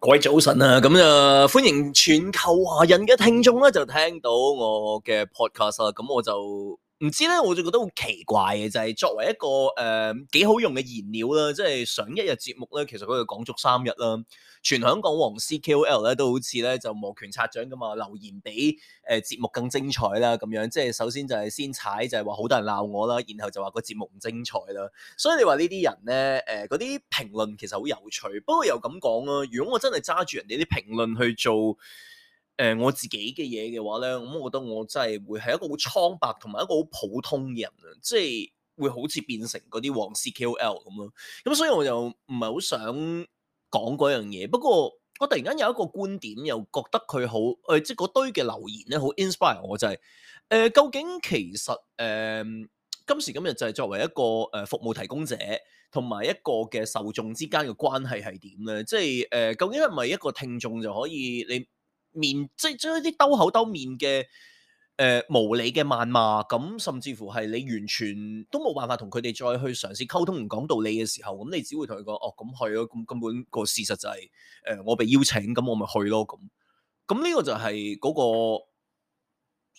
各位早晨啊，咁就歡迎全球華人嘅聽眾呢，就聽到我嘅 podcast 啦，咁我就。唔知咧，我就覺得好奇怪嘅就係、是、作為一個誒幾、呃、好用嘅燃料啦，即係上一日節目咧，其實佢講足三日啦。全香港黃絲 KOL 咧都好似咧就摩拳擦掌噶嘛，留言比誒、呃、節目更精彩啦咁樣。即係首先就係先踩就係話好多人鬧我啦，然後就話個節目唔精彩啦。所以你話呢啲人咧誒嗰啲評論其實好有趣，不過又咁講啦。如果我真係揸住人哋啲評論去做。誒、呃，我自己嘅嘢嘅話咧，咁、嗯、我覺得我真係會係一個好蒼白同埋一個好普通嘅人啊，即係會好似變成嗰啲黃絲 KOL 咁咯。咁、嗯、所以我就唔係好想講嗰樣嘢。不過我突然間有一個觀點，又覺得佢好誒，即係嗰堆嘅留言咧，好 inspire 我就係、是、誒、呃，究竟其實誒、呃、今時今日就係作為一個誒、呃、服務提供者同埋一個嘅受眾之間嘅關係係點咧？即係誒、呃，究竟係咪一個聽眾就可以你？面即係將一啲兜口兜面嘅誒、呃、無理嘅謾罵，咁甚至乎係你完全都冇辦法同佢哋再去嘗試溝通，唔講道理嘅時候，咁你只會同佢講，哦，咁去咯，咁根本個事實就係、是、誒、呃、我被邀請，咁我咪去咯，咁咁呢個就係嗰、那個。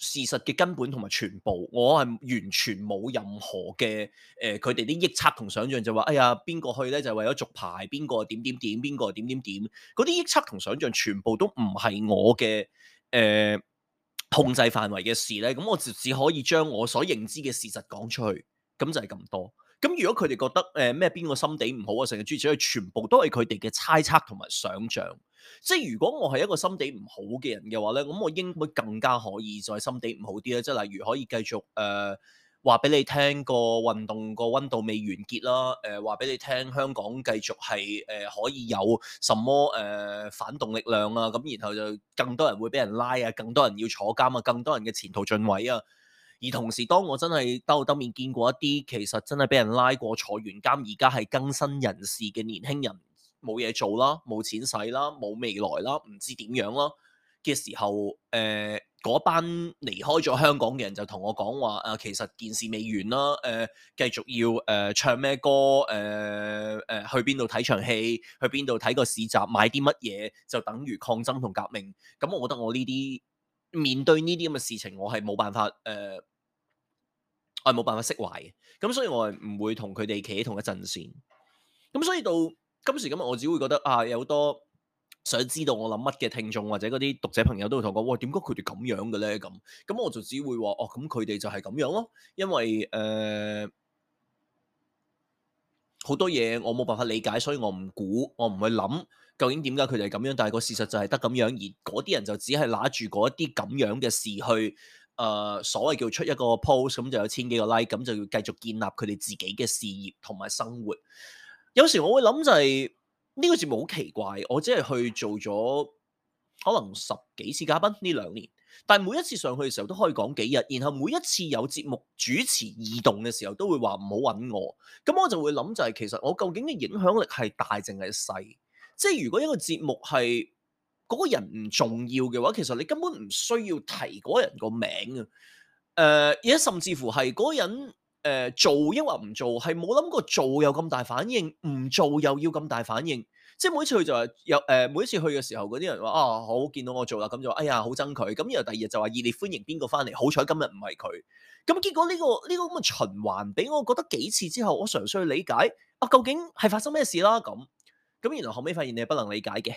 事實嘅根本同埋全部，我係完全冇任何嘅誒，佢哋啲臆測同想像就話，哎呀，邊個去咧就係、為咗續牌，邊個點點點，邊個點點點，嗰啲臆測同想像全部都唔係我嘅誒、呃、控制範圍嘅事咧，咁我只可以將我所認知嘅事實講出去，咁就係咁多。咁如果佢哋覺得誒咩邊個心地唔好啊，成日中意扯佢，全部都係佢哋嘅猜測同埋想像。即係如果我係一個心地唔好嘅人嘅話咧，咁我應該更加可以再心地唔好啲咧。即係例如可以繼續誒話俾你聽、這個運動個溫度未完結啦。誒話俾你聽香港繼續係誒、呃、可以有什麼誒、呃、反動力量啊。咁然後就更多人會俾人拉啊，更多人要坐監啊，更多人嘅前途盡毀啊。而同時，當我真係兜兜面見過一啲其實真係俾人拉過坐完監，而家係更生人士嘅年輕人，冇嘢做啦，冇錢使啦，冇未來啦，唔知點樣啦嘅時候，誒、呃、嗰班離開咗香港嘅人就同我講話誒，其實件事未完啦，誒、呃、繼續要誒、呃、唱咩歌，誒、呃、誒、呃、去邊度睇場戲，去邊度睇個市集，買啲乜嘢就等於抗爭同革命。咁我覺得我呢啲。面對呢啲咁嘅事情，我係冇辦法，誒、呃，我係冇辦法釋懷嘅。咁所以，我係唔會同佢哋企喺同一陣線。咁所以到今時今日，我只會覺得啊，有好多想知道我諗乜嘅聽眾或者嗰啲讀者朋友都會同我講，哇，點解佢哋咁樣嘅咧？咁咁我就只會話，哦，咁佢哋就係咁樣咯。因為誒，呃，好多嘢我冇辦法理解，所以我唔估，我唔去諗。究竟點解佢哋係咁樣？但係個事實就係得咁樣，而嗰啲人就只係拿住嗰一啲咁樣嘅事去誒、呃，所謂叫出一個 post，咁就有千幾個 like，咁就要繼續建立佢哋自己嘅事業同埋生活。有時我會諗就係、是、呢、這個節目好奇怪，我只係去做咗可能十幾次嘉賓呢兩年，但係每一次上去嘅時候都可以講幾日，然後每一次有節目主持異動嘅時候都會話唔好揾我，咁我就會諗就係、是、其實我究竟嘅影響力係大淨係細？即係如果一個節目係嗰個人唔重要嘅話，其實你根本唔需要提嗰人個名嘅。誒、呃，而家甚至乎係嗰個人誒、呃、做、做，因為唔做係冇諗過做有咁大反應，唔做又要咁大反應。即係每次佢就話，有誒每次去嘅、呃、時候，嗰啲人話啊好見到我做啦，咁就話哎呀好憎佢。咁然後第二日就話熱烈歡迎邊個翻嚟，好彩今日唔係佢。咁、嗯、結果呢、呢個呢、呢個咁嘅循環俾我覺得幾次之後，我嘗試去理解啊，究竟係發生咩事啦咁。咁然後後尾發現你係不能理解嘅，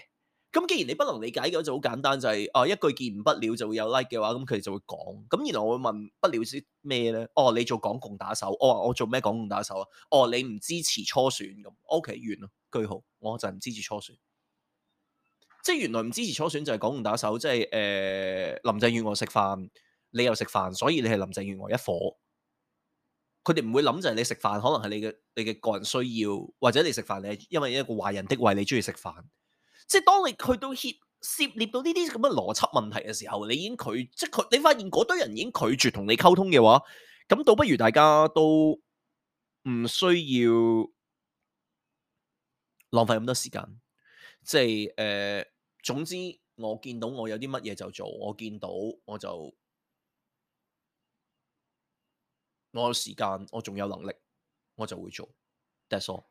咁既然你不能理解嘅就好簡單，就係、是、啊、哦、一句見唔不，不了就會有 like 嘅話，咁佢哋就會講。咁然後我會問，不了解咩咧？哦，你做港共打手。我、哦、話我做咩港共打手啊？哦，你唔支持初選咁。O、哦、K 完咯，句號。我就唔支持初選，即係原來唔支持初選就係港共打手，即係誒、呃、林鄭月娥食飯，你又食飯，所以你係林鄭月娥一伙。」佢哋唔會諗就係你食飯，可能係你嘅你嘅個人需要，或者你食飯，你係因為一個華人的胃，你中意食飯。即係當你去到涉涉獵到呢啲咁嘅邏輯問題嘅時候，你已經拒即係佢，你發現嗰堆人已經拒絕同你溝通嘅話，咁倒不如大家都唔需要浪費咁多時間。即係誒、呃，總之我見到我有啲乜嘢就做，我見到我就。我有時間，我仲有能力，我就會做。That's all。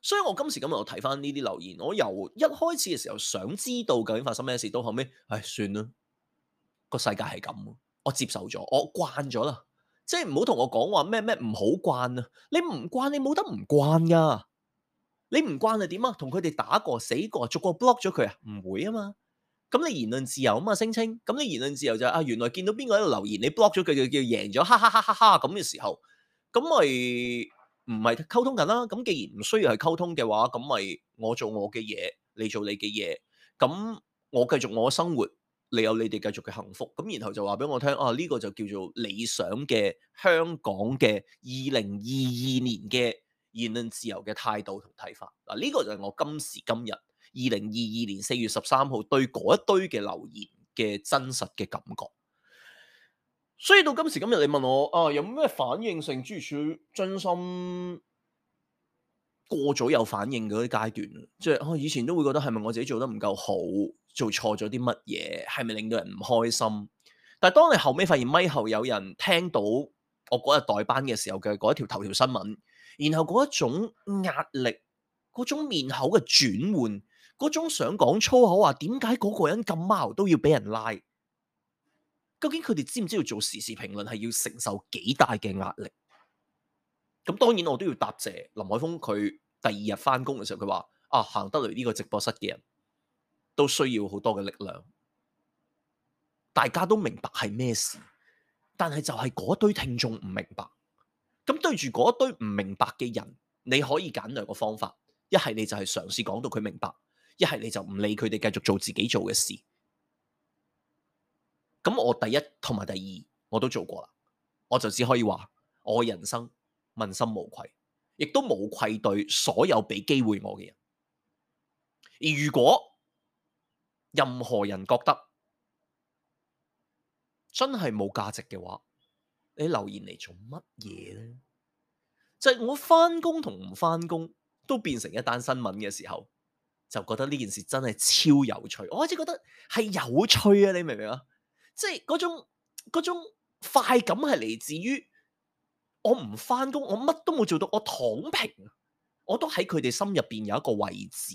所以我今時今日我睇翻呢啲留言，我由一開始嘅時候想知道究竟發生咩事，到後尾，唉，算啦。個世界係咁，我接受咗，我慣咗啦。即係唔好同我講話咩咩唔好慣啊！你唔慣，你冇得唔慣噶。你唔慣係點啊？同佢哋打過，死過，逐個 block 咗佢啊？唔會啊嘛。咁你言論自由啊嘛，聲稱咁你言論自由就係，啊，原來見到邊個喺度留言，你 block 咗佢就叫贏咗，哈哈哈哈哈咁嘅時候，咁咪唔係溝通緊啦。咁既然唔需要係溝通嘅話，咁咪我做我嘅嘢，你做你嘅嘢，咁我繼續我生活，你有你哋繼續嘅幸福。咁然後就話俾我聽，啊呢個就叫做理想嘅香港嘅二零二二年嘅言論自由嘅態度同睇法。嗱呢個就係我今時今日。二零二二年四月十三號，對嗰一堆嘅留言嘅真實嘅感覺，所以到今時今日，你問我啊，有咩反應性？專處真心過早有反應嘅嗰啲階段，即係我以前都會覺得係咪我自己做得唔夠好，做錯咗啲乜嘢，係咪令到人唔開心？但係當你後尾發現咪後有人聽到我嗰日代班嘅時候嘅嗰一條頭條新聞，然後嗰一種壓力、嗰種面口嘅轉換。嗰種想講粗口話，點解嗰個人咁茅都要俾人拉？究竟佢哋知唔知道做時事評論係要承受幾大嘅壓力？咁當然我都要答謝林海峰。佢第二日翻工嘅時候，佢話啊，行得嚟呢個直播室嘅人都需要好多嘅力量。大家都明白係咩事，但係就係嗰堆聽眾唔明白。咁對住嗰堆唔明白嘅人，你可以揀兩個方法：一係你就係嘗試講到佢明白。一係你就唔理佢哋，繼續做自己做嘅事。咁我第一同埋第二我都做過啦，我就只可以話我人生問心無愧，亦都冇愧對所有俾機會我嘅人。而如果任何人覺得真係冇價值嘅話，你留言嚟做乜嘢咧？就係我返工同唔返工都變成一單新聞嘅時候。就覺得呢件事真係超有趣，我開始覺得係有趣啊！你明唔明啊？即係嗰種嗰種快感係嚟自於我唔翻工，我乜都冇做到，我躺平，我都喺佢哋心入邊有一個位置。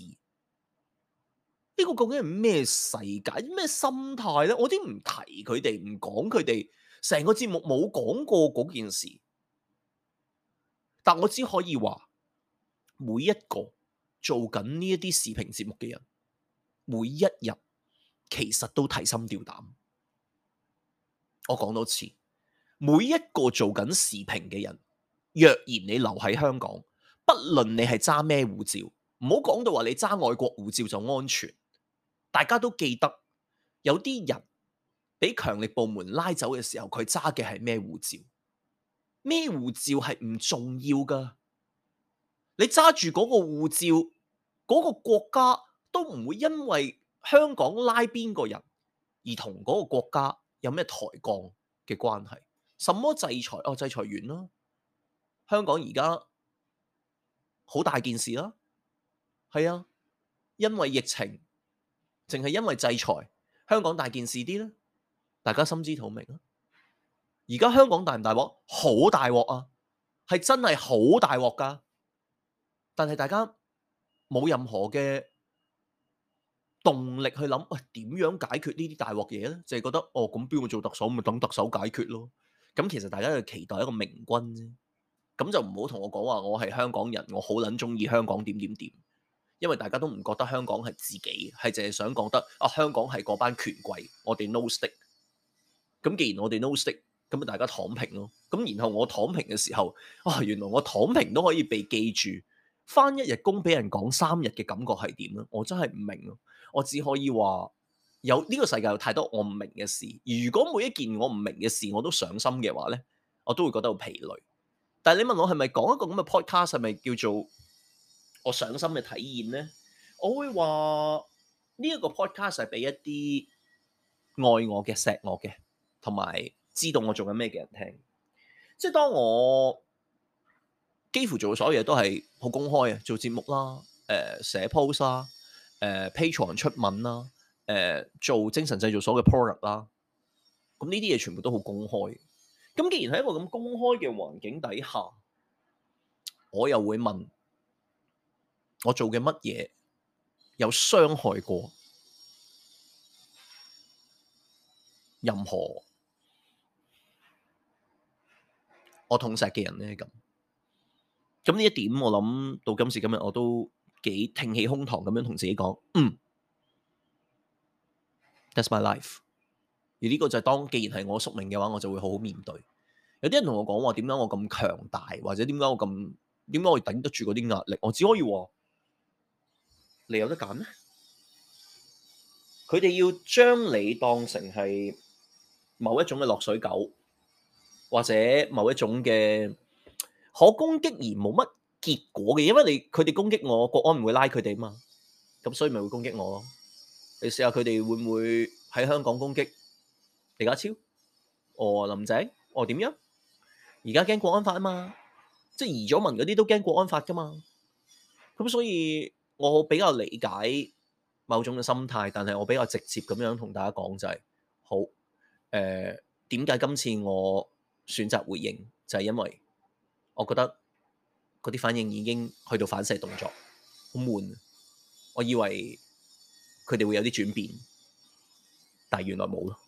呢個究竟係咩世界、咩心態咧？我都唔提佢哋，唔講佢哋，成個節目冇講過嗰件事。但我只可以話每一個做緊呢一啲視頻節目嘅人，每一日其實都提心吊膽。我講多次，每一個做緊視頻嘅人，若然你留喺香港，不論你係揸咩護照，唔好講到話你揸外國護照就安全。大家都記得，有啲人俾強力部門拉走嘅時候，佢揸嘅係咩護照？咩護照係唔重要噶？你揸住嗰個護照，嗰個國家都唔會因為香港拉邊個人而同嗰個國家有咩抬槓嘅關係？什麼制裁？哦，制裁完啦！香港而家好大件事啦，係啊，因為疫情，淨係因為制裁，香港大件事啲啦，大家心知肚明啦。而家香港大唔大鑊？好大鑊啊，係真係好大鑊噶。但係大家冇任何嘅動力去諗，喂、啊、點樣解決呢啲大鑊嘢咧？就係、是、覺得哦咁，邊個做特首咪等特首解決咯？咁、嗯、其實大家就期待一個明君啫。咁、嗯、就唔好同我講話，我係香港人，我好撚中意香港點點點，因為大家都唔覺得香港係自己，係淨係想講得啊香港係嗰班權貴，我哋 no stick。咁、嗯、既然我哋 no stick，咁、嗯、啊大家躺平咯。咁、嗯、然後我躺平嘅時候，哇、哦、原來我躺平都可以被記住。返一日工俾人講三日嘅感覺係點咧？我真係唔明咯。我只可以話有呢、這個世界有太多我唔明嘅事。如果每一件我唔明嘅事我都上心嘅話咧，我都會覺得好疲累。但係你問我係咪講一個咁嘅 podcast 係咪叫做我上心嘅體驗咧？我會話呢、這個、一個 podcast 係俾一啲愛我嘅錫我嘅同埋知道我做緊咩嘅人聽。即係當我。幾乎做嘅所有嘢都係好公開呀，做節目啦，誒、呃、寫 post 啦，誒 Patreon 出文啦，誒、呃、做精神製造所嘅 product 啦，咁呢啲嘢全部都好公開。咁既然喺一個咁公開嘅環境底下，我又會問，我做嘅乜嘢有傷害過任何我痛錫嘅人咧？咁，咁呢一點，我諗到今時今日，我都幾挺起胸膛咁樣同自己講，嗯，That's my life。而呢個就係當既然係我宿命嘅話，我就會好好面對。有啲人同我講話點解我咁強大，或者點解我咁點解我頂得住嗰啲壓力，我只可以話：你有得揀咩？佢哋要將你當成係某一種嘅落水狗，或者某一種嘅，可攻擊而冇乜結果嘅，因為你佢哋攻擊我，國安唔會拉佢哋嘛，咁所以咪會攻擊我咯。你試下佢哋會唔會喺香港攻擊李家超？哦，林仔，哦，點樣？而家驚國安法啊嘛，即係移咗民嗰啲都驚國安法㗎嘛。咁所以我比較理解某種嘅心態，但係我比較直接咁樣同大家講就係，好，誒、呃，點解今次我選擇回應就係因為？我覺得嗰啲反應已經去到反射動作，好悶。我以為佢哋會有啲轉變，但係原來冇咯。